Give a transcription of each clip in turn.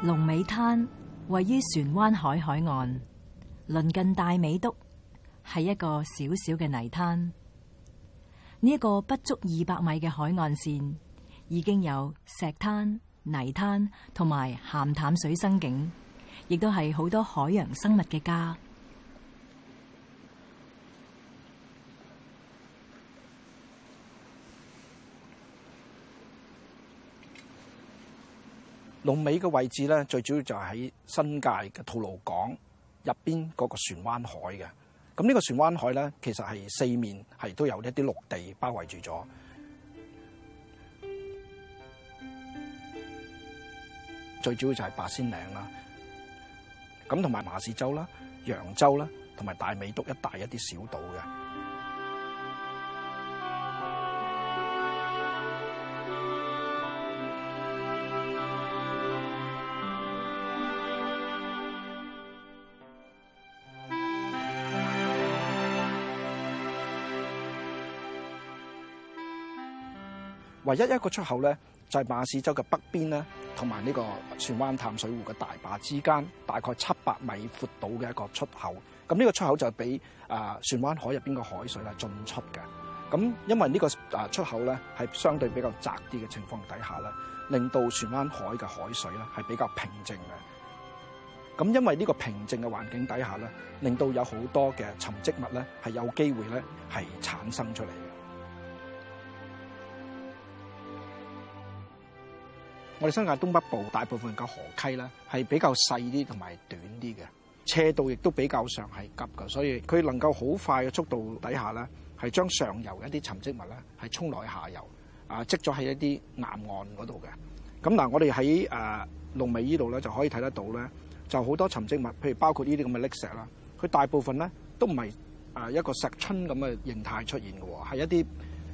龍尾灘位於船灣海海岸，鄰近大尾督，係一個小小嘅泥灘。呢、這、一個不足二百米嘅海岸線，已經有石灘、泥灘同埋鹹淡水生境，亦都係好多海洋生物嘅家。龍尾嘅位置咧，最主要就係喺新界嘅吐露港入邊嗰個船灣海嘅。咁呢個船灣海咧，其實係四面係都有一啲陸地包圍住咗。最主要就係八仙嶺啦，咁同埋馬屎洲啦、洋洲啦，同埋大美督一帶一啲小島嘅。唯一一個出口咧，在、就係、馬屎洲嘅北邊咧，同埋呢個船灣淡水湖嘅大壩之間，大概七百米闊度嘅一個出口。咁呢個出口就係俾啊船灣海入邊嘅海水咧進出嘅。咁因為呢個啊出口咧係相對比較窄啲嘅情況底下咧，令到船灣海嘅海水咧係比較平靜嘅。咁因為呢個平靜嘅環境底下咧，令到有好多嘅沉積物咧係有機會咧係產生出嚟。我哋新界東北部大部分嘅河溪咧，係比較細啲同埋短啲嘅，斜度亦都比較上係急嘅，所以佢能夠好快嘅速度底下咧，係將上游一啲沉積物咧係沖來下游，啊積咗喺一啲南岸嗰度嘅。咁嗱，我哋喺誒龍尾依度咧就可以睇得到咧，就好多沉積物，譬如包括呢啲咁嘅礫石啦，佢大部分咧都唔係誒一個石春咁嘅形態出現嘅喎，係一啲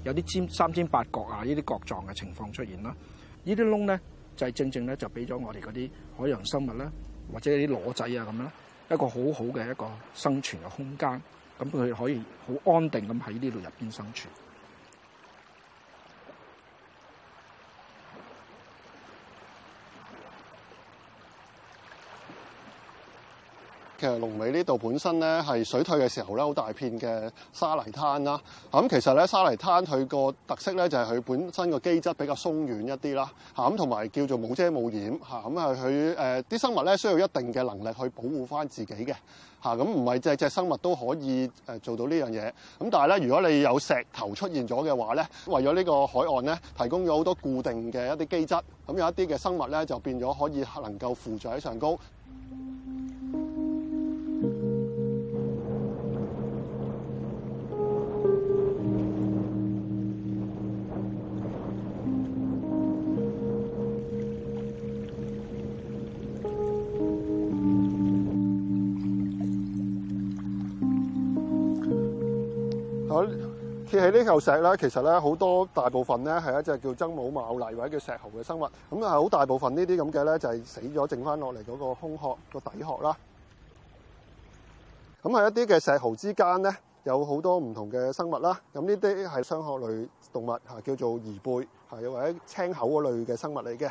有啲尖三尖八角啊呢啲角狀嘅情況出現啦，呢啲窿咧。就正正咧，就俾咗我哋嗰啲海洋生物啦，或者啲螺仔啊咁樣啦，一個好好嘅一個生存嘅空間，咁佢可以好安定咁喺呢度入邊生存。其實龍尾呢度本身咧係水退嘅時候咧，好大片嘅沙泥灘啦。咁其實咧沙泥灘佢個特色咧就係佢本身個基質比較鬆軟一啲啦。咁同埋叫做冇遮冇掩咁啊，佢啲生物咧需要一定嘅能力去保護返自己嘅咁，唔係隻隻生物都可以做到呢樣嘢。咁但係咧，如果你有石頭出現咗嘅話咧，為咗呢個海岸咧提供咗好多固定嘅一啲基質，咁有一啲嘅生物咧就變咗可以能夠附著喺上高。呢嚿石咧，其實咧好多大部分咧係一隻叫僧帽牡蠣或者叫石蠔嘅生物，咁啊好大部分呢啲咁嘅咧就係死咗剩翻落嚟嗰個空殼個底殼啦。咁喺一啲嘅石蠔之間咧，有好多唔同嘅生物啦。咁呢啲係雙殼類動物嚇，叫做貽貝嚇，又或者青口嗰類嘅生物嚟嘅。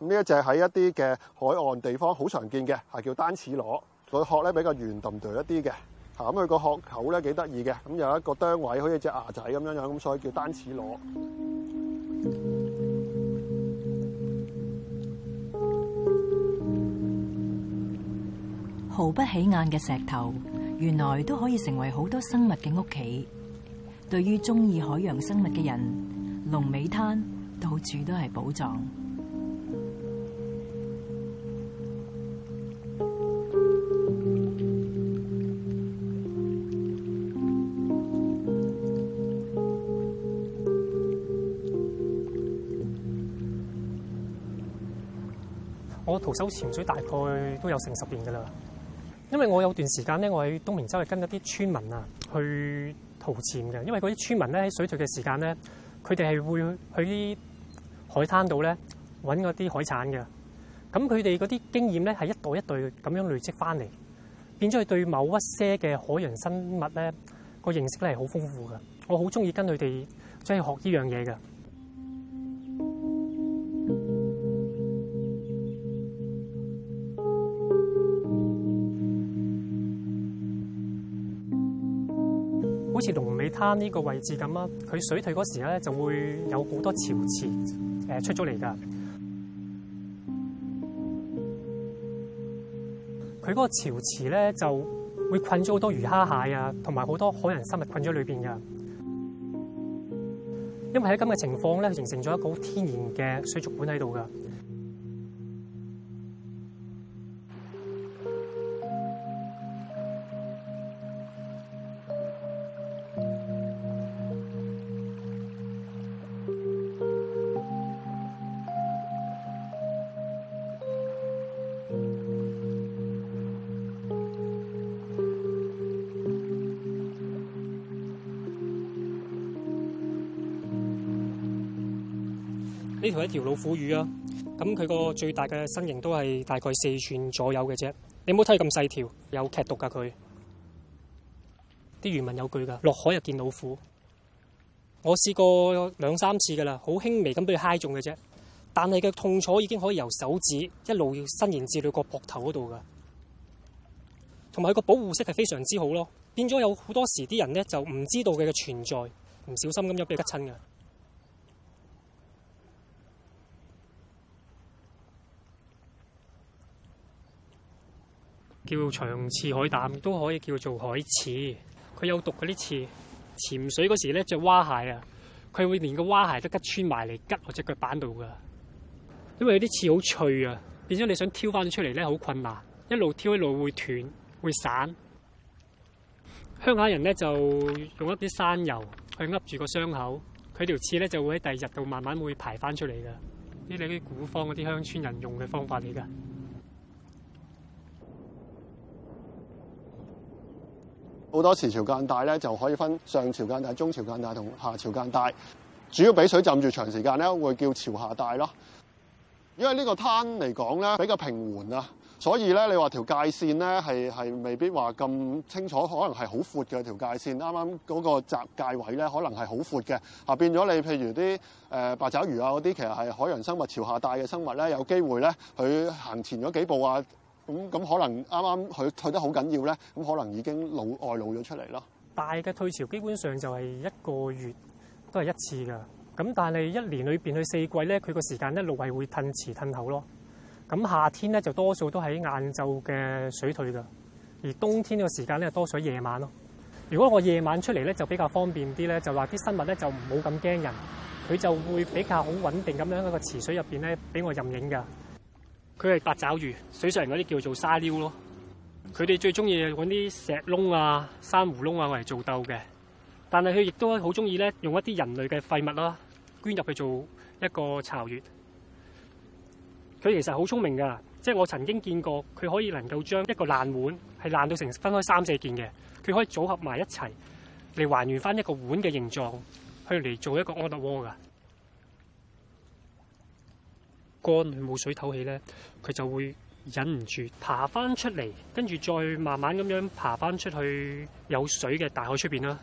咁呢一隻喺一啲嘅海岸地方好常見嘅，係叫單齒螺，佢殼咧比較圓揼揼一啲嘅。咁佢個殼口咧幾得意嘅，咁有一個釘位，好似隻牙仔咁樣樣，咁所以叫單齒螺。毫不起眼嘅石頭，原來都可以成為好多生物嘅屋企。對於中意海洋生物嘅人，龍尾灘到處都係寶藏。我徒手潛水大概都有成十年嘅啦，因為我有段時間咧，我喺東明州係跟一啲村民啊去徒潛嘅，因為嗰啲村民咧喺水退嘅時間咧，佢哋係會去啲海灘度咧揾嗰啲海產嘅，咁佢哋嗰啲經驗咧係一代一代咁樣累積翻嚟，變咗佢對某一些嘅海洋生物咧個認識咧係好豐富嘅。我好中意跟佢哋即係學呢樣嘢嘅。好似龍尾灘呢個位置咁啊，佢水退嗰時咧就會有好多潮池誒出咗嚟㗎。佢嗰個潮池咧就會困咗好多魚蝦蟹啊，同埋好多海洋生物困咗喺裏邊㗎。因為喺咁嘅情況咧，形成咗一個好天然嘅水族館喺度㗎。呢條係一條老虎魚啊，咁佢個最大嘅身形都係大概四寸左右嘅啫。你唔好睇咁細條，它有劇毒噶佢。啲漁民有句噶，落海又見老虎。我試過兩三次噶啦，好輕微咁俾佢嗨中嘅啫。但係佢嘅痛楚已經可以由手指一路要伸延至到個膊頭嗰度噶。同埋佢個保護色係非常之好咯，變咗有好多時啲人呢，就唔知道佢嘅存在，唔小心咁有俾佢得親噶。叫長刺海膽都可以叫做海刺，佢有毒嗰啲刺，潛水嗰時咧着蛙鞋啊，佢會連個蛙鞋都吉穿埋嚟吉我隻腳板度噶，因為有啲刺好脆啊，變咗你想挑翻出嚟咧好困難，一路挑一路會斷會散。鄉下人咧就用一啲山油去噏住個傷口，佢條刺咧就會喺第二日度慢慢會排翻出嚟噶，呢啲啲古方嗰啲鄉村人用嘅方法嚟噶。好多時潮間帶咧，就可以分上潮間帶、中潮間帶同下潮間帶。主要俾水浸住長時間咧，會叫潮下帶咯。因為呢個灘嚟講咧比較平緩啊，所以咧你話條界線咧係係未必話咁清楚，可能係好闊嘅條界線。啱啱嗰個閘界位咧，可能係好闊嘅。嚇變咗你，譬如啲誒八爪魚啊嗰啲，其實係海洋生物潮下帶嘅生物咧，有機會咧佢行前咗幾步啊。咁咁可能啱啱佢退得好緊要咧，咁可能已經老外露咗出嚟咯。大嘅退潮基本上就係一個月都係一次噶，咁但係一年裏面去四季咧，佢個時間一路係會褪遲褪後咯。咁夏天咧就多數都喺晏晝嘅水退噶，而冬天個時間咧多數夜晚咯。如果我夜晚出嚟咧就比較方便啲咧，就話啲生物咧就唔好咁驚人，佢就會比較好穩定咁樣喺個池水入邊咧俾我任影噶。佢係八爪魚，水上人嗰啲叫做沙溜咯。佢哋最中意用啲石窿啊、珊瑚窿啊嚟做竇嘅。但係佢亦都好中意咧，用一啲人類嘅廢物啦、啊，捐入去做一個巢穴。佢其實好聰明噶，即係我曾經見過，佢可以能夠將一個爛碗係爛到成分開三四件嘅，佢可以組合埋一齊嚟還原返一個碗嘅形狀，去嚟做一個安樂窩噶。幹佢冇水透氣咧，佢就會忍唔住爬翻出嚟，跟住再慢慢咁樣爬翻出去有水嘅大海出面啦。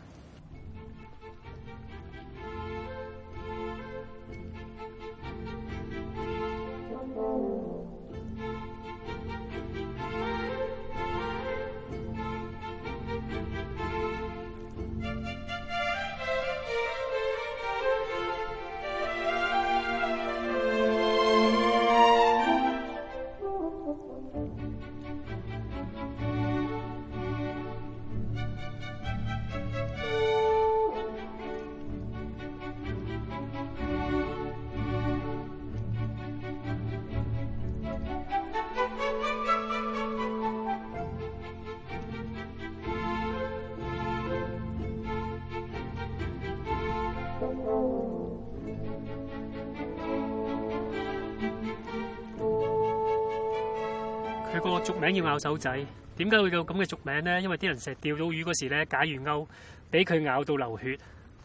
名叫咬手仔，點解會有咁嘅俗名咧？因為啲人成日釣到魚嗰時咧，解魚鈎，俾佢咬到流血，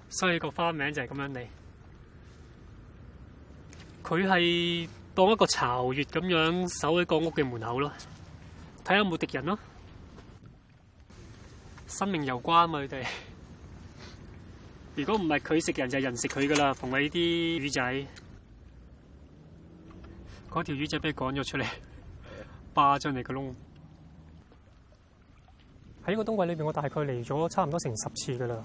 所以個花名就係咁樣嚟。佢係當一個巢穴咁樣守喺個屋嘅門口咯，睇下有冇敵人咯。生命攸關啊嘛，佢哋。如果唔係佢食人，就係人食佢噶啦，逢係啲魚仔。嗰條魚仔俾佢趕咗出嚟。霸咗你個窿，喺呢個冬季裏邊，我大概嚟咗差唔多成十次噶啦，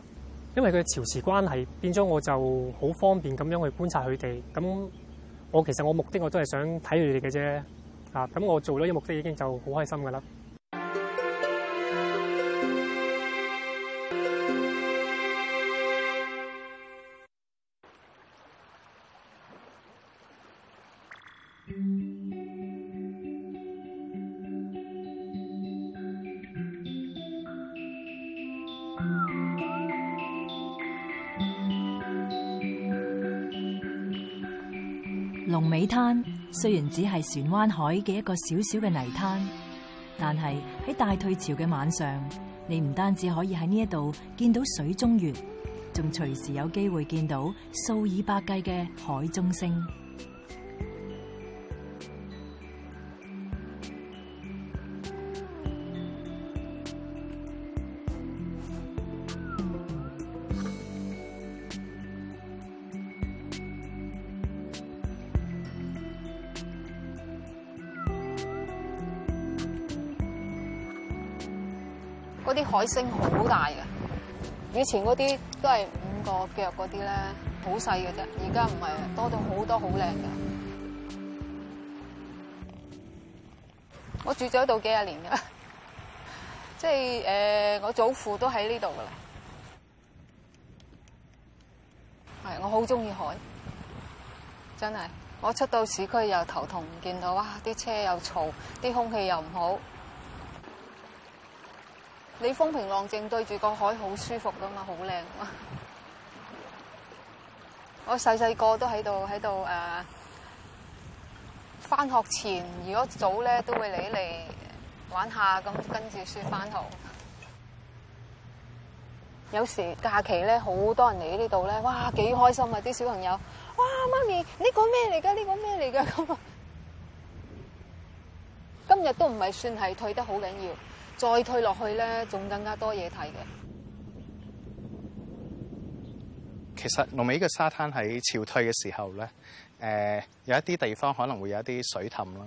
因為佢嘅潮汐關係，變咗我就好方便咁樣去觀察佢哋。咁我其實我目的我都係想睇佢哋嘅啫，啊！咁我做呢個目的已經就好開心噶啦。龍尾灘雖然只係船灣海嘅一個小小嘅泥灘，但係喺大退潮嘅晚上，你唔單止可以喺呢一度見到水中月，仲隨時有機會見到數以百計嘅海中星。嗰啲海星好大嘅，以前嗰啲都係五個腳嗰啲咧，好細嘅啫，而家唔係，多到好多好靚嘅。我住咗度幾廿年噶，即係誒、呃，我祖父都喺呢度噶啦。係，我好中意海，真係。我出到市區又頭痛，唔見到哇，啲車又嘈，啲空氣又唔好。你風平浪靜對住個海好舒服噶嘛，好靚，我細細個都喺度喺度誒，翻、呃、學前如果早咧都會嚟嚟玩下咁，跟住先翻學。有時假期咧，好多人嚟呢度咧，哇幾開心啊！啲小朋友，哇媽咪，你講咩嚟噶？你講咩嚟噶？今日都唔係算係退得好緊要。再退落去呢，仲更加多嘢睇嘅。其實龍尾呢個沙灘喺潮退嘅時候呢，誒、呃、有一啲地方可能會有一啲水氹啦。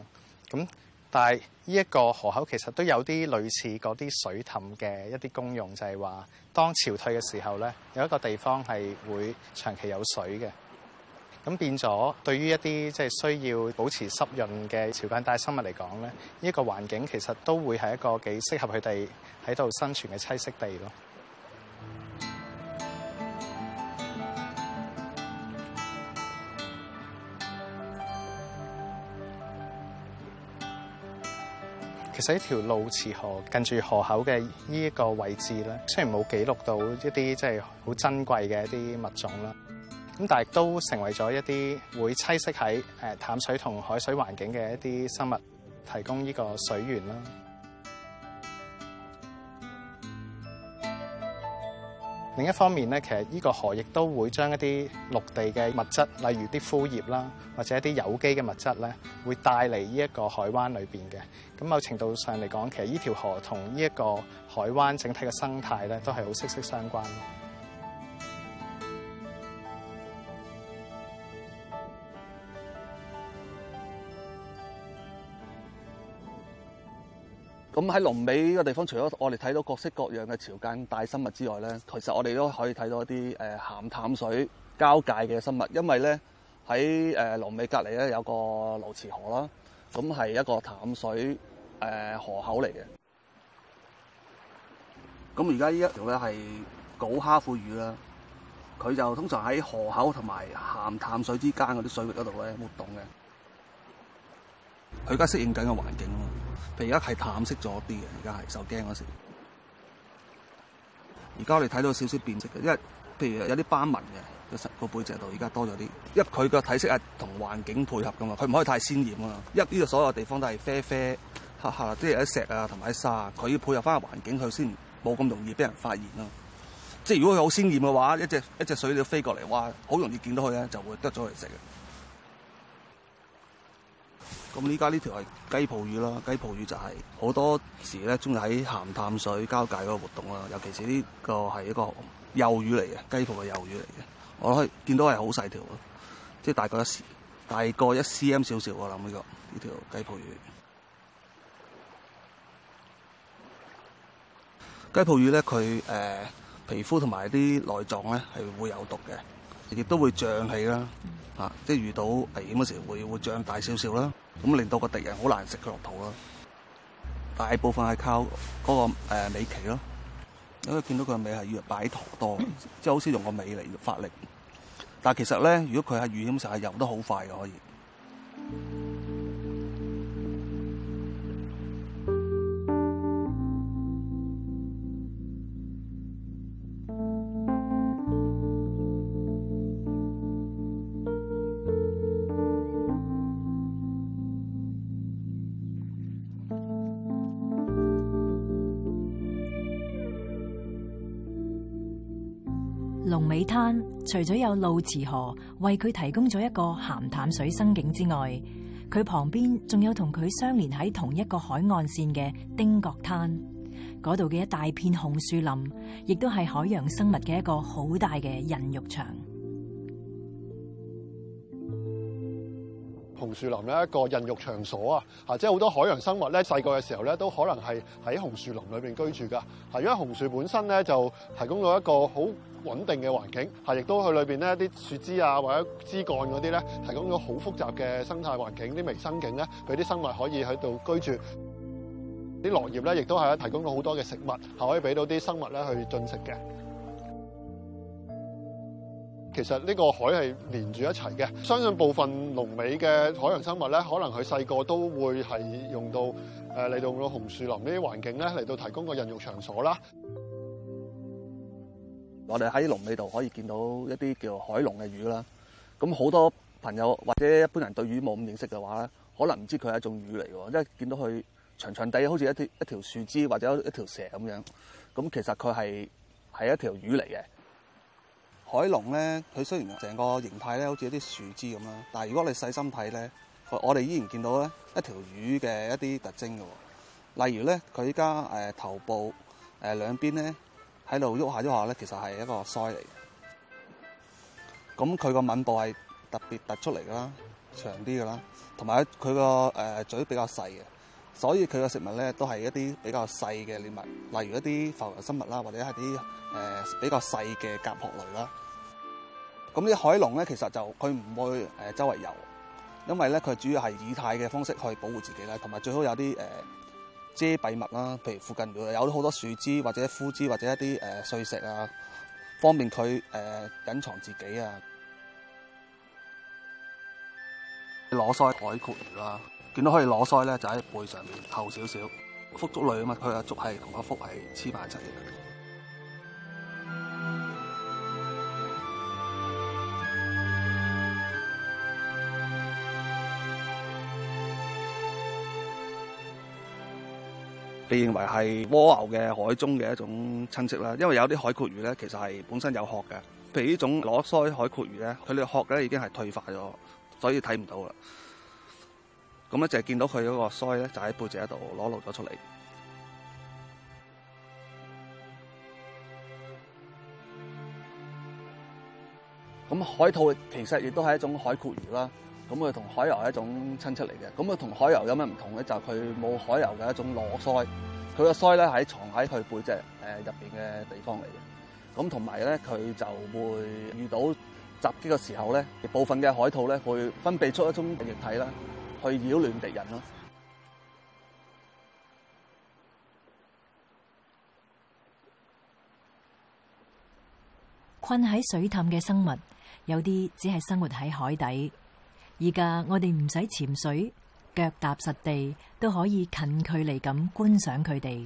咁但係呢一個河口其實都有啲類似嗰啲水氹嘅一啲功用，就係、是、話當潮退嘅時候呢，有一個地方係會長期有水嘅。咁變咗，對於一啲即係需要保持濕潤嘅潮間帶生物嚟講咧，呢、呢個環境其實都會係一個幾適合佢哋喺度生存嘅棲息地咯。其實一條路池河近住河口嘅呢一個位置咧，雖然冇記錄到一啲即係好珍貴嘅一啲物種啦。咁但係都成為咗一啲會棲息喺誒淡水同海水環境嘅一啲生物，提供呢個水源啦。另一方面咧，其實呢個河亦都會將一啲陸地嘅物質，例如啲枯葉啦，或者一啲有機嘅物質咧，會帶嚟呢一個海灣裏邊嘅。咁某程度上嚟講，其實呢條河同呢一個海灣整體嘅生態咧，都係好息息相關的。咁喺龍尾呢個地方，除咗我哋睇到各式各樣嘅潮間帶生物之外咧，其實我哋都可以睇到一啲誒鹹淡水交界嘅生物，因為咧喺誒龍尾隔離咧有個流池河啦，咁係一個淡水誒、呃、河口嚟嘅。咁而家呢一條咧係鼓蝦虎魚啦，佢就通常喺河口同埋鹹淡水之間嗰啲水域嗰度咧活動嘅。佢而家適應緊個環境啊嘛。譬如而家係淡色咗啲嘅，而家係受驚嗰時。而家我哋睇到少少變色嘅，因為譬如有啲斑紋嘅個身個背脊度，而家多咗啲。因為佢個體色係同環境配合噶嘛，佢唔可以太鮮豔啊嘛。因為呢個所有地方都係啡啡黑黑，即係啲石啊同埋啲沙，佢要配合翻個環境，佢先冇咁容易俾人發現咯。即係如果佢好鮮豔嘅話，一隻一隻水鳥飛過嚟，哇！好容易見到佢咧，就會啄咗嚟食嘅。咁依家呢條係雞泡魚啦，雞泡魚就係好多時咧，中意喺鹹淡水交界嗰個活動啦。尤其是呢個係一個幼魚嚟嘅，雞泡嘅幼魚嚟嘅。我可以見到係好細條咯，即係大概一大概一 cm 少少，我諗呢個呢條雞泡魚。雞泡魚咧，佢、呃、誒皮膚同埋啲內臟咧係會有毒嘅，亦都會脹起啦、啊，即係遇到危險嘅時候會會脹大少少啦。咁令到個敵人好難食佢落肚咯。大部分係靠嗰個尾鰭咯，因為見到佢嘅尾係要擺陀多，即係好似用個尾嚟發力。但其實咧，如果佢喺遇險時候係游得好快嘅，可以。除咗有路池河為佢提供咗一個鹹淡水生境之外，佢旁邊仲有同佢相連喺同一個海岸線嘅汀角灘，嗰度嘅一大片紅樹林，亦都係海洋生物嘅一個好大嘅孕育場。紅樹林咧一個孕育場所啊，吓即係好多海洋生物咧細個嘅時候咧都可能係喺紅樹林裏邊居住噶。吓，因為紅樹本身咧就提供咗一個好。穩定嘅環境，係亦都去裏邊咧啲樹枝啊或者枝幹嗰啲咧，提供咗好複雜嘅生態環境，啲微生境咧俾啲生物可以喺度居住。啲落葉咧亦都係提供咗好多嘅食物，係可以俾到啲生物咧去進食嘅。其實呢個海係連住一齊嘅，相信部分龍尾嘅海洋生物咧，可能佢細個都會係用到誒嚟到紅樹林呢啲環境咧嚟到提供個孕育場所啦。我哋喺龍尾度可以見到一啲叫海龍嘅魚啦。咁好多朋友或者一般人對魚冇咁認識嘅話咧，可能唔知佢係一種魚嚟嘅，因為見到佢長長地好似一條一條樹枝或者一條蛇咁樣。咁其實佢係係一條魚嚟嘅。海龍咧，佢雖然成個形態咧好似一啲樹枝咁樣，但係如果你細心睇咧，我哋依然見到咧一條魚嘅一啲特徵嘅。例如咧，佢依家呃、頭部、呃、兩邊咧。喺度喐下喐下咧，其實係一個腮嚟嘅。咁佢個吻部係特別突出嚟㗎啦，長啲㗎啦，同埋佢個誒嘴比較細嘅，所以佢嘅食物咧都係一啲比較細嘅獵物，例如一啲浮游生物啦，或者係啲誒比較細嘅甲殼類啦。咁啲海龍咧，其實就佢唔會誒周圍遊，因為咧佢主要係以態嘅方式去保護自己啦，同埋最好有啲誒。呃遮蔽物啦，譬如附近有好多樹枝或者枯枝或者一啲誒碎石啊，方便佢誒隱藏自己啊。裸鰓海蛞蝓啦，見到可以裸鰓咧，就喺背上面透少少，腹足類啊嘛，佢嘅足係同個腹係黐埋一齊嘅。你認為係蝸牛嘅海中嘅一種親戚啦，因為有啲海蛞蝓呢，其實係本身有殼嘅。譬如呢種裸鰓海蛞蝓呢，佢哋殼呢已經係退化咗，所以睇唔到啦。咁咧就係見到佢嗰個鰓就喺背脊度裸露咗出嚟。咁海兔其實亦都係一種海蛞蝓啦。咁佢同海牛係一種親戚嚟嘅，咁佢同海牛有咩唔同咧？就係佢冇海牛嘅一種裸腮。佢個腮咧喺藏喺佢背脊誒入邊嘅地方嚟嘅。咁同埋咧，佢就會遇到襲擊嘅時候咧，部分嘅海兔咧會分泌出一種液體啦，去擾亂敵人咯。困喺水氹嘅生物，有啲只係生活喺海底。而家我哋唔使潛水，腳踏實地都可以近距離咁觀賞佢哋。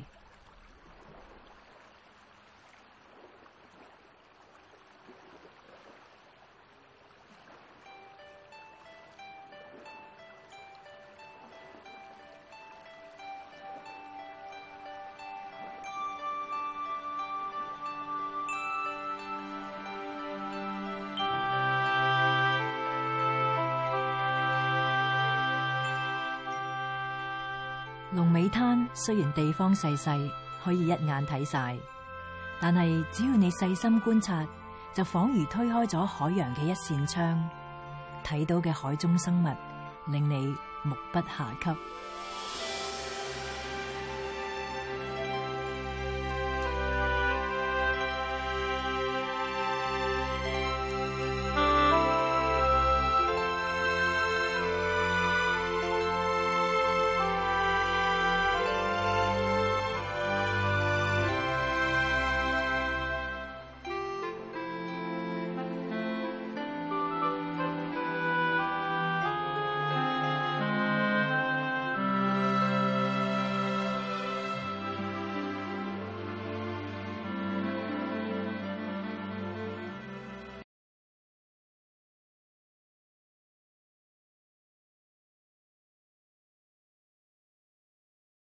龍尾灘雖然地方細細，可以一眼睇晒，但係只要你細心觀察，就仿如推開咗海洋嘅一扇窗，睇到嘅海中生物令你目不暇給。